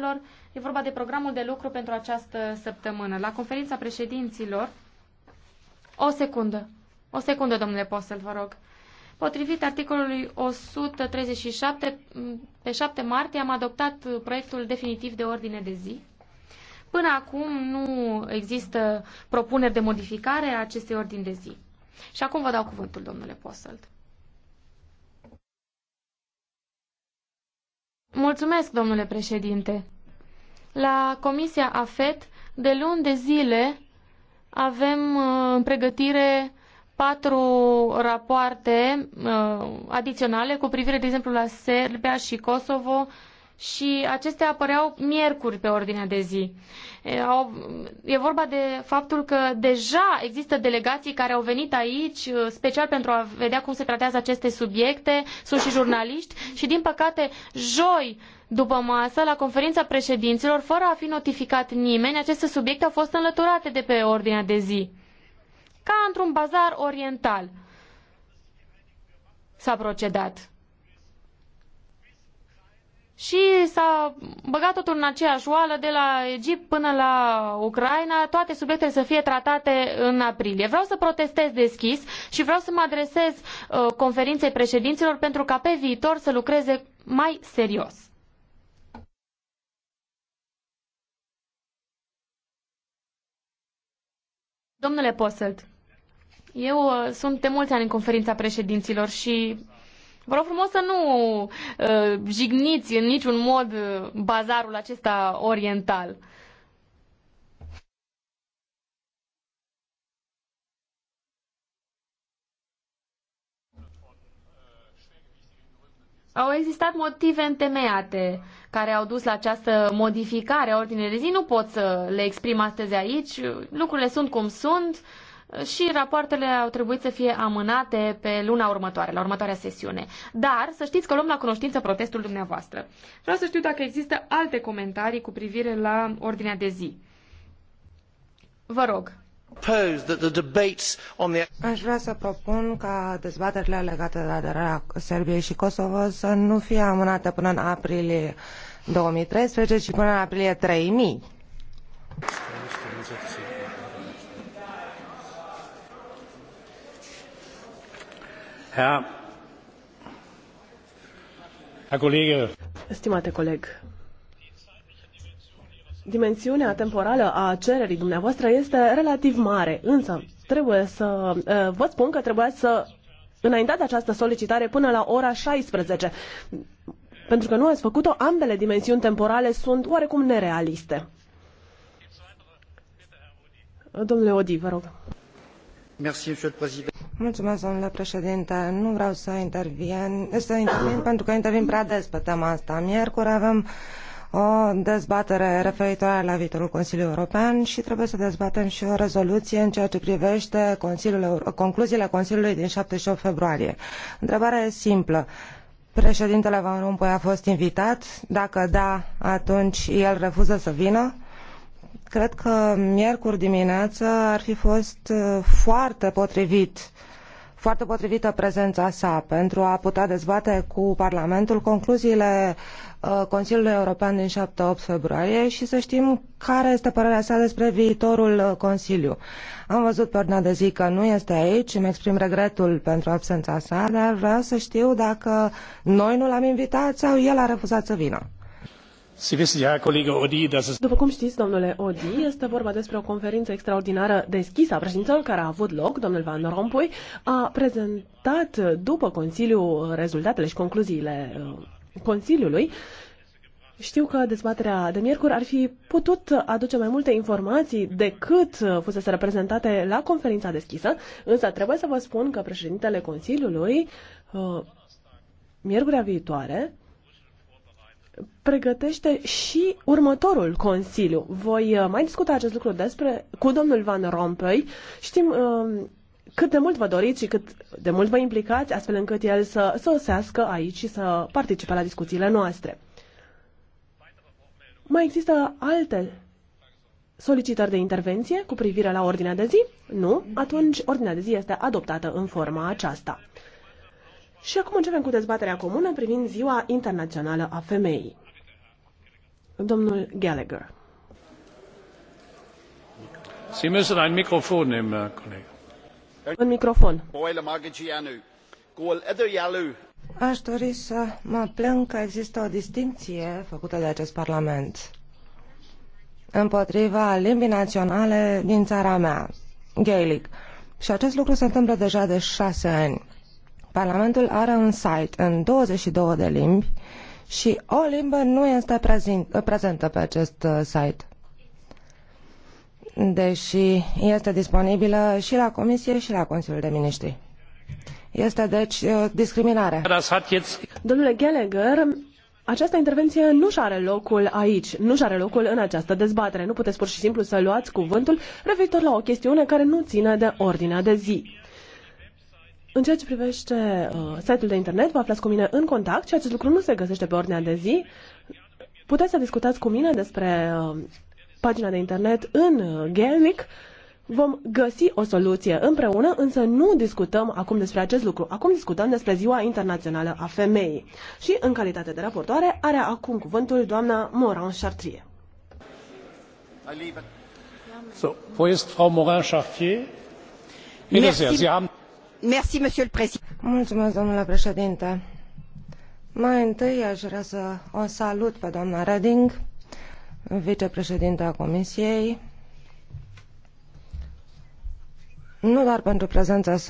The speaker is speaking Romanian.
Domnilor, e vorba de programul de lucru pentru această săptămână. La conferința președinților, o secundă, o secundă, domnule Postel, vă rog. Potrivit articolului 137, pe 7 martie am adoptat proiectul definitiv de ordine de zi. Până acum nu există propuneri de modificare a acestei ordini de zi. Și acum vă dau cuvântul, domnule Postel. Mulțumesc, domnule președinte. La Comisia AFET, de luni de zile, avem uh, în pregătire patru rapoarte uh, adiționale cu privire, de exemplu, la Serbia și Kosovo și acestea apăreau miercuri pe ordinea de zi. E vorba de faptul că deja există delegații care au venit aici uh, special pentru a vedea cum se tratează aceste subiecte, sunt și jurnaliști și din păcate joi după masă, la conferința președinților, fără a fi notificat nimeni, aceste subiecte au fost înlăturate de pe ordinea de zi. Ca într-un bazar oriental s-a procedat și s-a băgat totul în aceeași oală de la Egipt până la Ucraina, toate subiectele să fie tratate în aprilie. Vreau să protestez deschis și vreau să mă adresez uh, conferinței președinților pentru ca pe viitor să lucreze mai serios. Domnule Posselt, eu uh, sunt de mulți ani în conferința președinților și Vă rog frumos să nu uh, jigniți în niciun mod uh, bazarul acesta oriental. Au existat motive întemeiate care au dus la această modificare a ordinei de zi. Nu pot să le exprim astăzi aici. Lucrurile sunt cum sunt și rapoartele au trebuit să fie amânate pe luna următoare, la următoarea sesiune. Dar să știți că luăm la cunoștință protestul dumneavoastră. Vreau să știu dacă există alte comentarii cu privire la ordinea de zi. Vă rog. Aș vrea să propun ca dezbaterile legate de aderarea Serbiei și Kosovo să nu fie amânate până în aprilie 2013, ci până în aprilie 3000. Stimate coleg, dimensiunea temporală a cererii dumneavoastră este relativ mare, însă trebuie să ă, vă spun că trebuia să înaintați această solicitare până la ora 16. Pentru că nu ați făcut-o, ambele dimensiuni temporale sunt oarecum nerealiste. Domnule Odi, vă rog. Merci, Mulțumesc, domnule președinte. Nu vreau să intervin, să intervin pentru că intervin prea des pe tema asta. Miercuri avem o dezbatere referitoare la viitorul Consiliului European și trebuie să dezbatem și o rezoluție în ceea ce privește Consiliul, concluziile Consiliului din 78 februarie. Întrebarea e simplă. Președintele Van Rompuy a fost invitat? Dacă da, atunci el refuză să vină? Cred că miercuri dimineață ar fi fost uh, foarte potrivit uh, foarte potrivită prezența sa pentru a putea dezbate cu Parlamentul concluziile uh, Consiliului European din 7-8 februarie și să știm care este părerea sa despre viitorul uh, Consiliu. Am văzut pe ordinea de zi că nu este aici, îmi exprim regretul pentru absența sa, dar vreau să știu dacă noi nu l-am invitat sau el a refuzat să vină. După cum știți, domnule Odi, este vorba despre o conferință extraordinară deschisă a președinților care a avut loc. Domnul Van Rompuy a prezentat după Consiliu rezultatele și concluziile uh, Consiliului. Știu că dezbaterea de miercuri ar fi putut aduce mai multe informații decât uh, fusese reprezentate la conferința deschisă, însă trebuie să vă spun că președintele Consiliului uh, miercurea viitoare pregătește și următorul Consiliu. Voi uh, mai discuta acest lucru despre, cu domnul Van Rompuy. Știm um, cât de mult vă doriți și cât de mult vă implicați, astfel încât el să sosească aici și să participe la discuțiile noastre. Mai există alte solicitări de intervenție cu privire la ordinea de zi? Nu? Atunci ordinea de zi este adoptată în forma aceasta. Și acum începem cu dezbaterea comună privind Ziua Internațională a Femeii. Domnul Gallagher. Sie müssen ein Mikrofon nehmen, Kollege. Un microfon. Aș dori să mă plâng că există o distinție făcută de acest Parlament împotriva limbii naționale din țara mea, gaelic. Și acest lucru se întâmplă deja de șase ani. Parlamentul are un site în 22 de limbi și o limbă nu este prezent, prezentă pe acest uh, site deși este disponibilă și la Comisie și la Consiliul de Ministri. Este deci uh, discriminare. Domnule Gallagher, această intervenție nu și are locul aici, nu și are locul în această dezbatere. Nu puteți pur și simplu să luați cuvântul referitor la o chestiune care nu ține de ordinea de zi. În ceea ce privește uh, site-ul de internet, vă aflați cu mine în contact și acest lucru nu se găsește pe ordinea de zi. Puteți să discutați cu mine despre uh, pagina de internet în uh, Gaelic. Vom găsi o soluție împreună, însă nu discutăm acum despre acest lucru. Acum discutăm despre Ziua Internațională a Femeii. Și, în calitate de raportoare, are acum cuvântul doamna Moran Chartier. So, wo ist Frau Morin Chartier? Bitte sehr, Sie haben Mulțumesc, domnule președinte. Mai întâi aș vrea să o salut pe doamna Reding, vicepreședinta Comisiei, nu doar pentru prezența sa